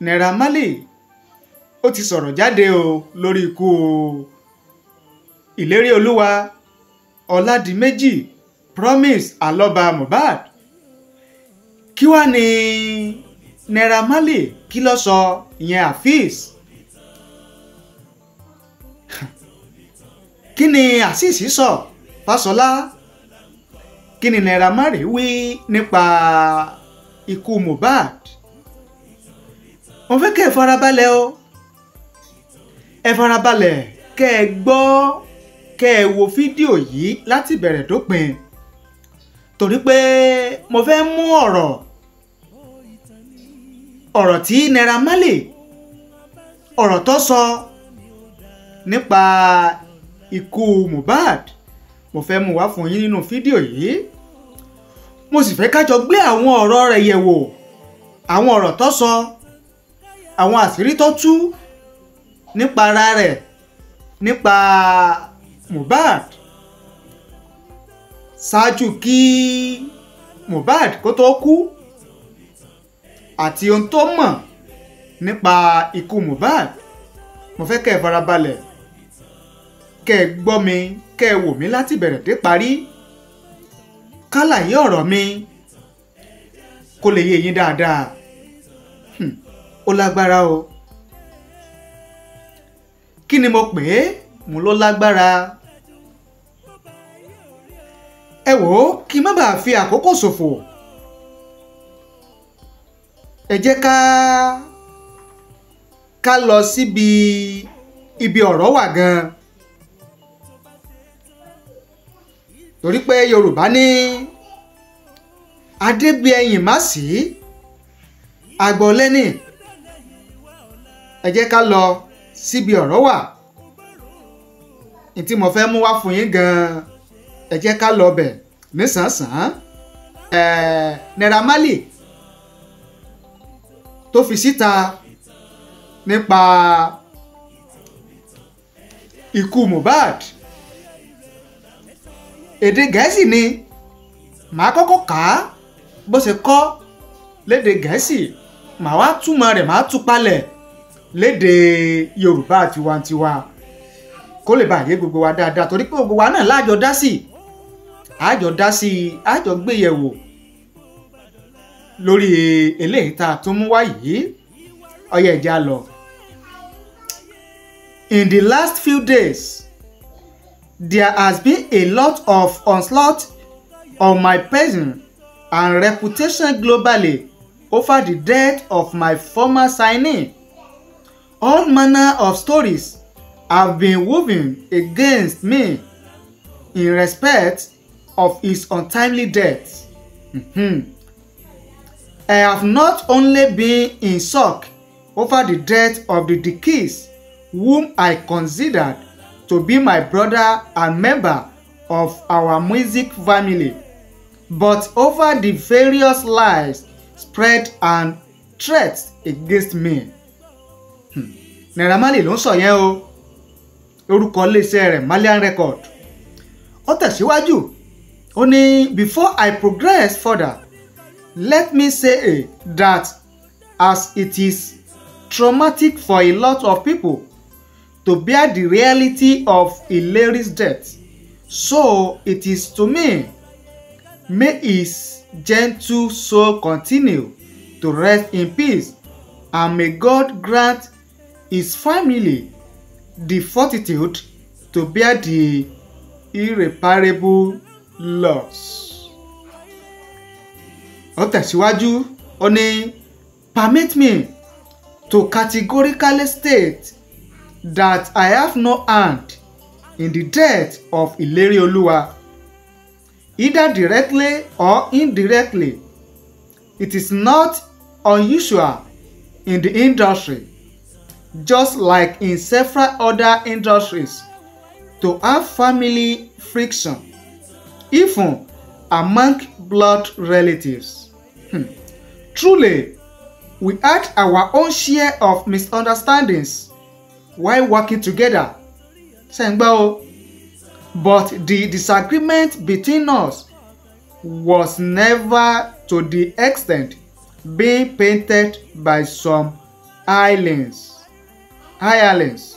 Naira Marley ó ti sọ̀rọ̀ jáde o lórí ikú o ìlérí olúwa ọ̀làdìmẹ́jì promise alọ́ba Mohbad kí wàá ní Naira Marley kí ló sọ ìyẹn Afeez kí ni Azeez sọ Fáṣọlá kí ni Naira Marley wí nípa ikú Mohbad wọ́n fẹ́ kẹ́ ẹ farabalẹ̀ o ẹ farabalẹ̀ kẹ́ ẹ gbọ́ kẹ́ ẹ wo fídíò yìí láti bẹ̀rẹ̀ dópin torí pé mo fẹ́ mú ọ̀rọ̀ ọ̀rọ̀ tí Naira Marley ọ̀rọ̀ tó sọ nípa ikú Mohbad mo fẹ́ mú wá fún yín nínú fídíò yìí mo sì fẹ́ kájọ gbé àwọn ọ̀rọ̀ rẹ̀ yẹ̀wò àwọn ọ̀rọ̀ tó sọ. So àwọn àṣírí tó tú nípa ara rẹ̀ nípa Mohbad ṣáájú kí Mohbad kó tó kú àti ohun tó mọ̀ nípa ikú Mohbad mo fẹ́ kẹ́ ẹ farabalẹ̀ kẹ́ ẹ gbọ́ mi kẹ́ ẹ wò mí láti bẹ̀rẹ̀ dé parí kálàyé ọ̀rọ̀ mi kó lè yé yín dáadáa ó lágbára o kí ni mo pè é mo ló lágbára ẹ wò ó kí n má bàa fi àkókò ṣòfò ẹ jẹ́ ká ká lọ síbi ibi ọ̀rọ̀ wà gan torí pé Yorùbá ní adébíẹyìn má sí àgbọ̀lẹ́nì ẹ jẹ́ ká lọ síbi ọ̀rọ̀ wà ntí mo fẹ́ mú wá fún yín gan-an ẹ jẹ́ ká lọ bẹ̀ nísànsàn ẹ̀ẹ́ Naira Marley tó fi síta nípa ikú Mohbad èdè gẹ̀ẹ́sì ni màá kọ́kọ́ kà á bó ṣe kọ lédè gẹ̀ẹ́sì màá wá túmọ̀ rẹ̀ màá tú palẹ̀ lédè yorùbá tiwantiwa kó lè bàyè gbogbo wa dáadáa torí pé gbogbo wa náà láàjọ dá sí àjọ dá sí àjọ gbéyẹ̀wò lórí eléyìí tá a tún mú wá yìí ọyẹ ìjà lọ. In the last few days, there has been a lot of onslaught on my person and reputation globally over the death of my former signing. All manner of stories have been woven against me in respect of his untimely death. Mm-hmm. I have not only been in shock over the death of the deceased, whom I considered to be my brother and member of our music family, but over the various lies spread and threats against me. Naira Marley ló ń sọ yẹn o orúkọ iléeṣẹ́ rẹ̀ Marlian Record ó tẹ̀síwájú ó ní before I progress further let me say a eh, that as it is traumatic for a lot of people to bear the reality of a Ileri's death so it is to me may his gentle soul continue to rest in peace and may God grant his family the fortitude to bear the irreparable loss. ó tẹ̀síwájú ó ní permit me to categorically state that I have no hand in the death of Ilerioluwa either directly or indirectly it is not unusual in the industry just like in several other industries, to have family friction, even among blood relatives. Hmm. Truly, we had our own share of misunderstandings while working together. Sengbao. But the disagreement between us was never to the extent being painted by some islands hirelings.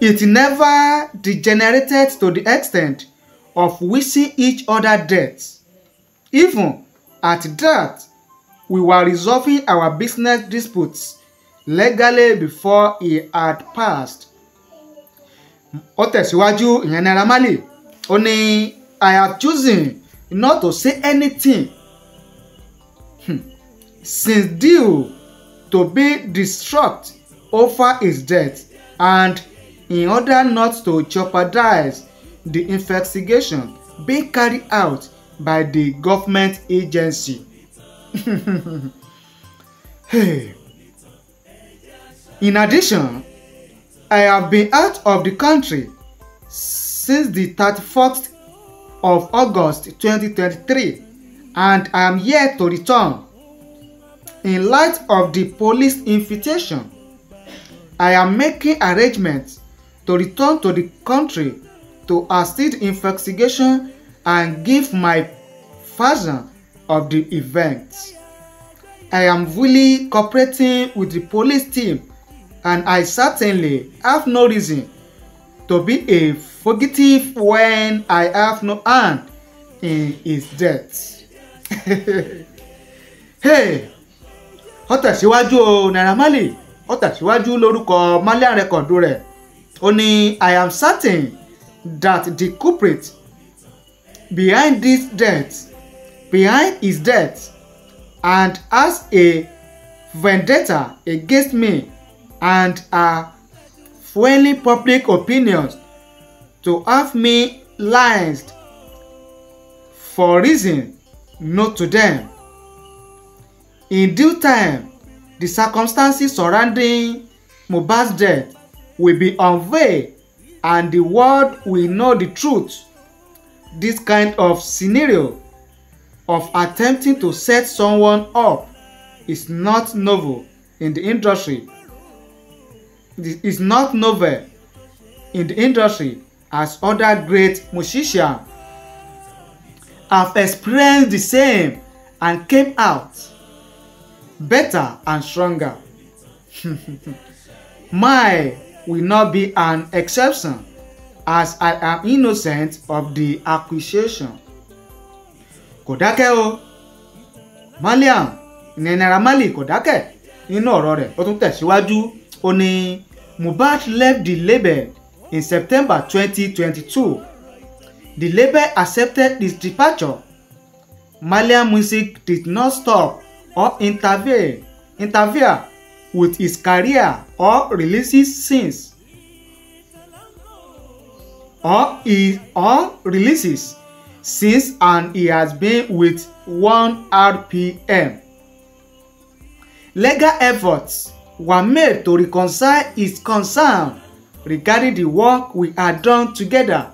It never degenerated to the extent of wishing each other death. Even at that, we were resolving our business disputes legally before he had passed. Ó tẹ̀síwájú ìyẹn Naira Marley ó ní I have chosen not to say anything hmm. since due to be distraught over his death and in order not to jeopardize the investigation being carried out by the government agency. hey. In addition, I have been out of the country since the 31st of August 2023 and I am yet to return. In light of the police invitation I am making arrangements to return to the country to assist investigation and give my version of the event. I am fully cooperating with the police team and I certainly have no reason to be a fugitive when I have no hand in his death. hey, ó tẹ̀síwájú o Naira Marley ó tẹ̀síwájú lórúkọ malian record rẹ̀ ó ní i am certain that the culprit behind this death behind his death and has a vendetta against me and are fueling public opinion to have me lynched for reason not to them. In due time, the circumstances surrounding Mohbad's death will be unveiled and the world will know the truth. This kind of scenario of attempting to set someone up is not novel in the industry. This is not novel in the industry as other great musicians have experienced the same and came out better and stronger. My will not be an exception as I am innocent of the accusation. Kò dákẹ́ o, Maliam ní Naira Marley kò dákẹ́ nínú ọ̀rọ̀ rẹ̀ ó tún tẹ̀síwájú ó ní Mohbad left the label in September 2022. The label accepted his departure. Malian Music did not stop or interfere interfere with his career or releases sins or he or releases since and he has been with one rpm. legal efforts were made to reconcile his concern regarding the work we had done together.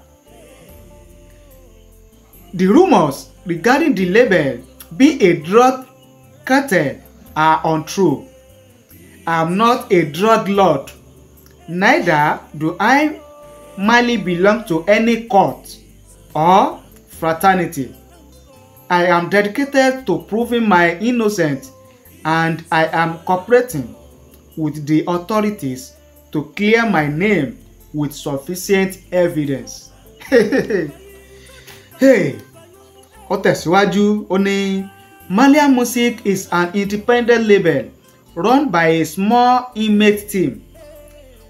The rumors regarding the label being a drug curtain are untrue. I'm not a drug lord, neither do I merely belong to any cult or fraternity. I am dedicated to proving my innocence and I am cooperating with the authorities to clear my name with sufficient evidence. hey ó tẹ̀síwájú ó ní. Malia Music is an independent label run by a small inmate team.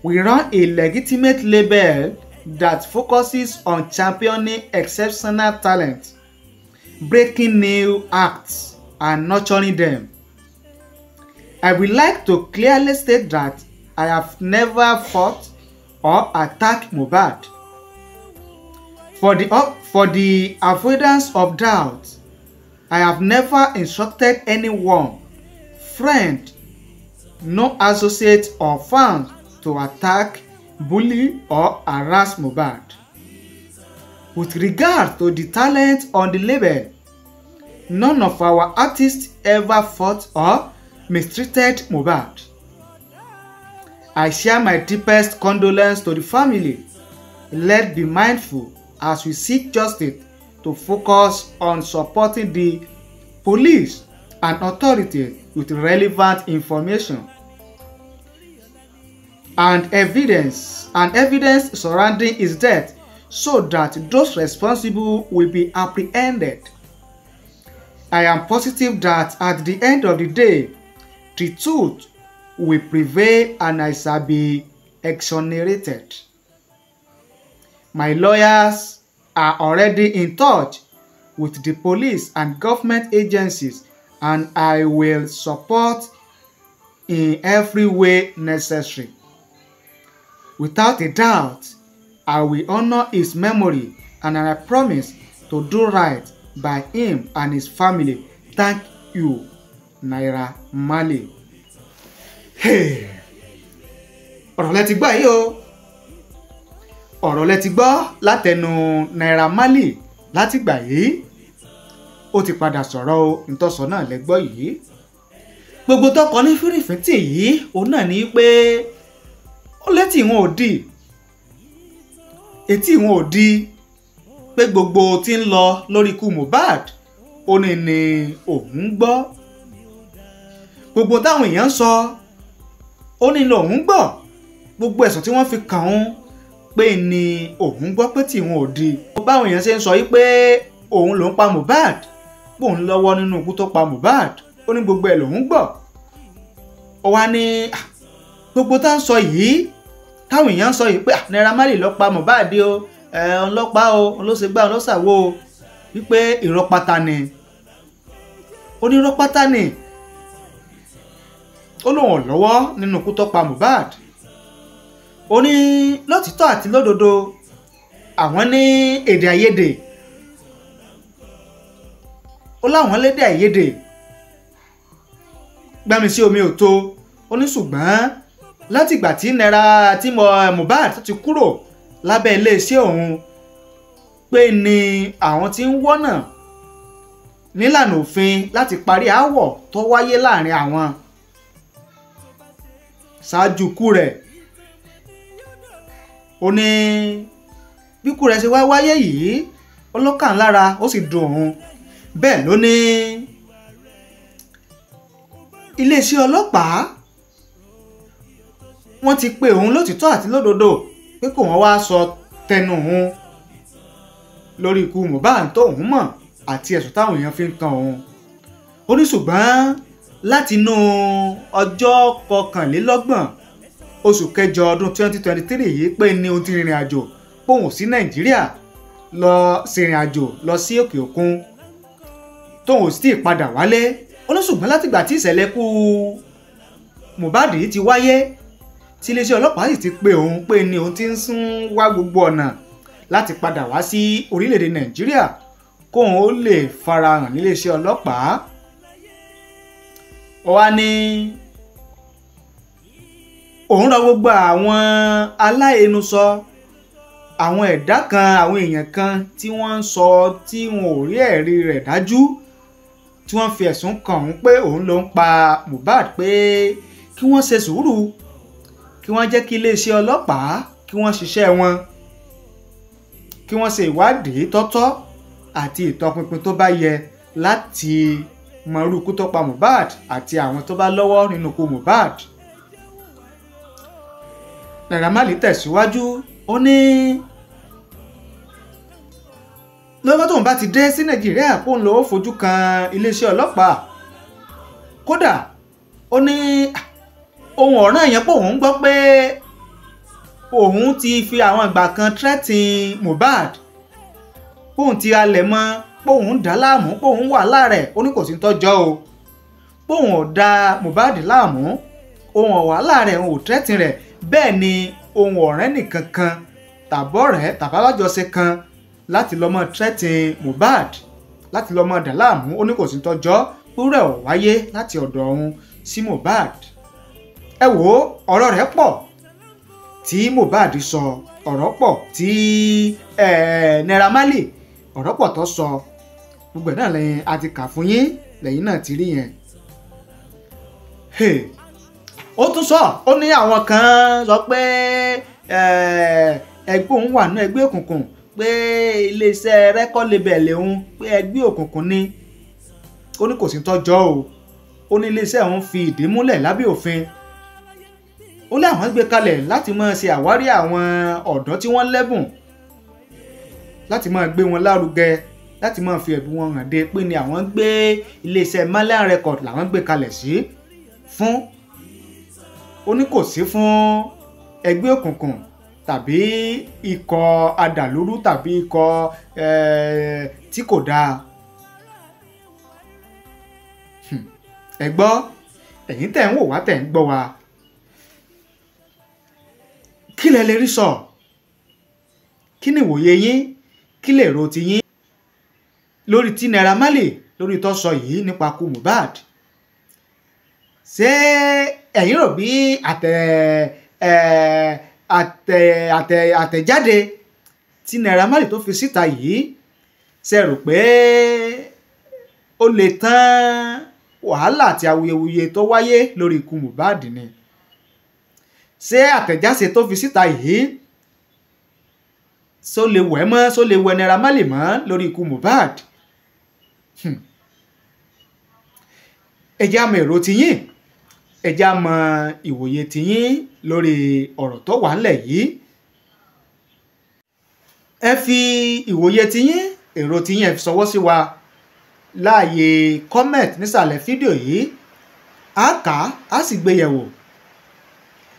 We run a legitimate label that focuses on championing exceptional talent, breaking new acts, and nurturing them. I would like to clearly state that I have never fought or attacked Mohbad. For the, for the avoidance of doubt, I have never instructed anyone, friend, no associate or fan to attack, bully or harass Mohbad. With regard to the talent on the label, none of our artists ever fought or mistreated Mohbad. I share my deepest condolence to the family. Let be mindful as we seek justice to focus on supporting the police and authority with relevant information and evidence and evidence surrounding his death so that those responsible will be apprehended. I am positive that at the end of the day, the truth will prevail and I shall be exonerated. My lawyers are already in touch with the police and government agencies and I will support in every way necessary. Without a doubt, I will honor his memory and I promise to do right by him and his family. Thank you, Naira Mali. Hey! ọ̀rọ̀ lẹ ti gbà yìí o ọ̀rọ̀ lẹ ti gbọ́ látẹnu Naira Marley látìgbà yìí ó ti padà sọ̀rọ̀ o ntọ́sọ náà lẹ gbọ́ yìí gbogbo tọkọ ní fírífíntì yìí òun náà ní pé ó létí ìwọ̀n ò dì etí ìwọ̀n ò dì pé gbogbo tí ń lọ lórí ikú Mohbad ó ní ni òun gbọ́ gbogbo táwọn èèyàn ń sọ ó ní lòun gbọ́ gbogbo ẹ̀sùn tí wọ́n fi kàn án pé ni òun gbọ́ pé tìwọn ò di. báwọn èèyàn ṣe ń sọ yìí pé òun lòún pa Mohbad bóun lọ́wọ́ nínú ikú tó pa Mohbad ó ní gbogbo ẹ̀ lòún gbọ́. ó wá ní gbogbo tá à ń sọ yìí táwọn èèyàn ń sọ yìí pé Naira Marley ló pa Mohbad o ọlọ́pàá o olóṣègbà olóṣàwò o wípé irọ́ ni onírọ́ ni ó lóun ò lọ́wọ́ nínú ikú tó pa Mohbad ó ní lótìtọ́ àti lódodo àwọn ní èdè àìyedè ó láwọn lédè àìyedè gbẹ́mi sí omi ò tó ó ní ṣùgbọ́n látìgbà tí náírà tí mo Mohbad tó ti kúrò lábẹ́ iléeṣẹ́ òun pé ni àwọn tí ń wọ́nà nílànà òfin láti parí aáwọ̀ tó wáyé láàrin àwọn ṣáájú ikú rẹ̀ ó ní bí ikú rẹ̀ ṣe wá wáyé yìí ó lọ́kàn lára ó sì dùn òun bẹ́ẹ̀ ló ní iléeṣẹ́ ọlọ́pàá wọ́n ti pe òun lótìtọ́ àti lódodo pé kò wọ́n wá sọ tẹnu òun lórí ikú Mohbad tó òun mọ̀ àti ẹ̀sùn táwọn èèyàn fi ń kan òun ó ní ṣùgbọ́n látinú ọjọ́ kọkànlélọ́gbọ̀n oṣù kẹjọ ọdún 2023 yìí pé ní ohun tí rìnrìn àjò pòun sí nàìjíríà lọ sìnrìn àjò lọ sí òkè òkun tóun sì ti padà wálé olóṣùgbọ́n látìgbà tí ìṣẹ̀lẹ̀ kú Mohbad ti wáyé tí iléeṣẹ́ ọlọ́pàá sì ti pe òun pé ní òun ti ń sún wá gbogbo ọ̀nà láti padà wá sí orílẹ̀-èdè nàìjíríà kóun ó lè farahàn níléeṣẹ́ ọlọ́pàá ó wá ní. Ni òun rọ gbogbo àwọn aláìnusọ àwọn ẹ̀dá kan àwọn èèyàn kan tí wọ́n ń sọ tí wọn ò rí ẹ̀rí rẹ̀ dájú tí wọ́n fi ẹ̀sùn kàn òun pé òun ló ń pa Mohbad pé kí wọ́n ṣe sùúrù kí wọ́n jẹ́ kí iléeṣẹ́ ọlọ́pàá kí wọ́n ṣiṣẹ́ wọn kí wọ́n ṣe ìwádìí tọ́tọ́ àti ìtọpinpin tó bá yẹ láti mọ irú ikú tó pa Mohbad àti àwọn tó bá lọ́wọ́ nínú ikú Mohbad. Naira Marley tẹ̀síwájú ó ní lọ́wọ́ tóun bá ti dé sí Nàìjíríà kó ń lọ fojú kan iléeṣẹ́ ọlọ́pàá kódà ó ní ohun ọ̀ràn yẹn pé òun gbọ́ pé òun ti fi àwọn ìgbà kan threaten Mohbad póun ti halẹ̀ mọ́ póun dá láàmú póun wà láàrẹ̀ ó ní kò sí tọ́jọ́ o póun ò da Mohbad láàmú ohun ọ̀wà láàrẹ̀ òun ò threaten rẹ̀ bẹ́ẹ̀ ni ohun ọ̀rẹ́ nìkan kan tàbọ̀rẹ́ tàbálájọsẹ kan láti lọ́mọ trẹ́tìn Mohbad láti lọ́mọ dàláàmú ó ní kò sí tọ́jọ́ púrẹ́ ò wáyé láti ọ̀dọ̀ ọ̀hún sí Mohbad ẹ wò ó ọ̀rọ̀ rẹ̀ pọ̀ tí Mohbad sọ ọ̀rọ̀ pọ̀ tí Naira Marley ọ̀rọ̀ pọ̀ tó sọ gbogbo ẹ̀ náà lẹ́yìn a ti kà fún yín lẹ́yìn náà ti rí yẹn ó tún sọ ó ní àwọn kan sọ pé ẹgbẹ́ òun wà ní ẹgbẹ́ òkùnkùn pé iléeṣẹ́ rẹ́kọ́ lebẹ̀lẹ̀ òun pé ẹgbẹ́ òkùnkùn ni ó ní kò sí tọ́jọ́ o ó ní iléeṣẹ́ òun fi ìdí múlẹ̀ lábẹ́ òfin ó láwọn gbé kalẹ̀ láti máa ṣe àwárí àwọn ọ̀dọ́ tí wọ́n lẹ́bùn láti máa gbé wọn lárugẹ láti máa fi ẹ̀bùn wọn hàn dé pé ni àwọn gbé iléeṣẹ́ Malian Record làwọn gbé kalẹ̀ sí fún ó ní kò sí fún ẹgbẹ́ òkùnkùn tàbí ikọ̀ adàlúrú tàbí ikọ̀ tí kò dáa hmm. ẹ gbọ́ ẹ̀yin tẹ̀ ń wò wá tẹ̀ ń gbọ́ wa kí lẹ lè rí sọ kí ni ìwòye yín kí lè ro ti yín lórí ti Naira Marley lórí tó sọ yìí nípa kú Mohbad ṣé ẹ̀yin rò bí àtẹ àtẹ àtẹ àtẹ̀jáde tí Naira Marley tó fi síta yìí ṣe rò pé ó lè tán wàhálà àti awuyewuye tó wáyé lórí ikú Mohbad ni ṣé àtẹ̀jáde tó fi síta yìí ṣó lè wẹ̀ mọ́ ṣó lè wẹ̀ Naira Marley mọ́ lórí ikú Mohbad hmm. ẹ jẹ́ àmọ̀ èrò tiyín ẹ já mọ ìwòye tiyín lórí ọ̀rọ̀ tó wà ńlẹ̀ yìí ẹ fi ìwòye tiyín èrò tiyín ẹ fi ṣọwọ́ sí wa láàyè comment nísàlẹ̀ fídíò yìí á kà á sì gbé yẹ̀wò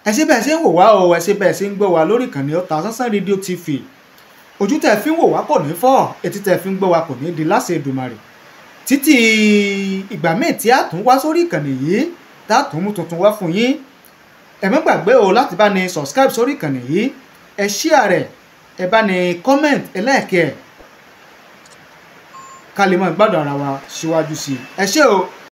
ẹ ṣé bẹ́ẹ̀ ṣe ń wò wá o ẹ ṣé bẹ́ẹ̀ ṣe ń gbọ́ wá lórí ìkànnì Ọ̀tàsánsán rédíò tv ojú tẹ̀ fi ń wò wá kò ní fọ́ etí tẹ̀ fi ń gbọ́ wá kò ní di láṣẹ Èdùmàrè títí ìgbà míì tí a tún wá sórí ìkànnì yìí dátùn mú tuntun wá fún yín ẹ má gbàgbé o láti bá ní subscribe sórí ìkànnì yìí ẹ share rẹ̀ ẹ bá ní comment ẹ like ẹ̀ ká lè máa gbádùn ara wa síwájú sí i ẹ ṣé o.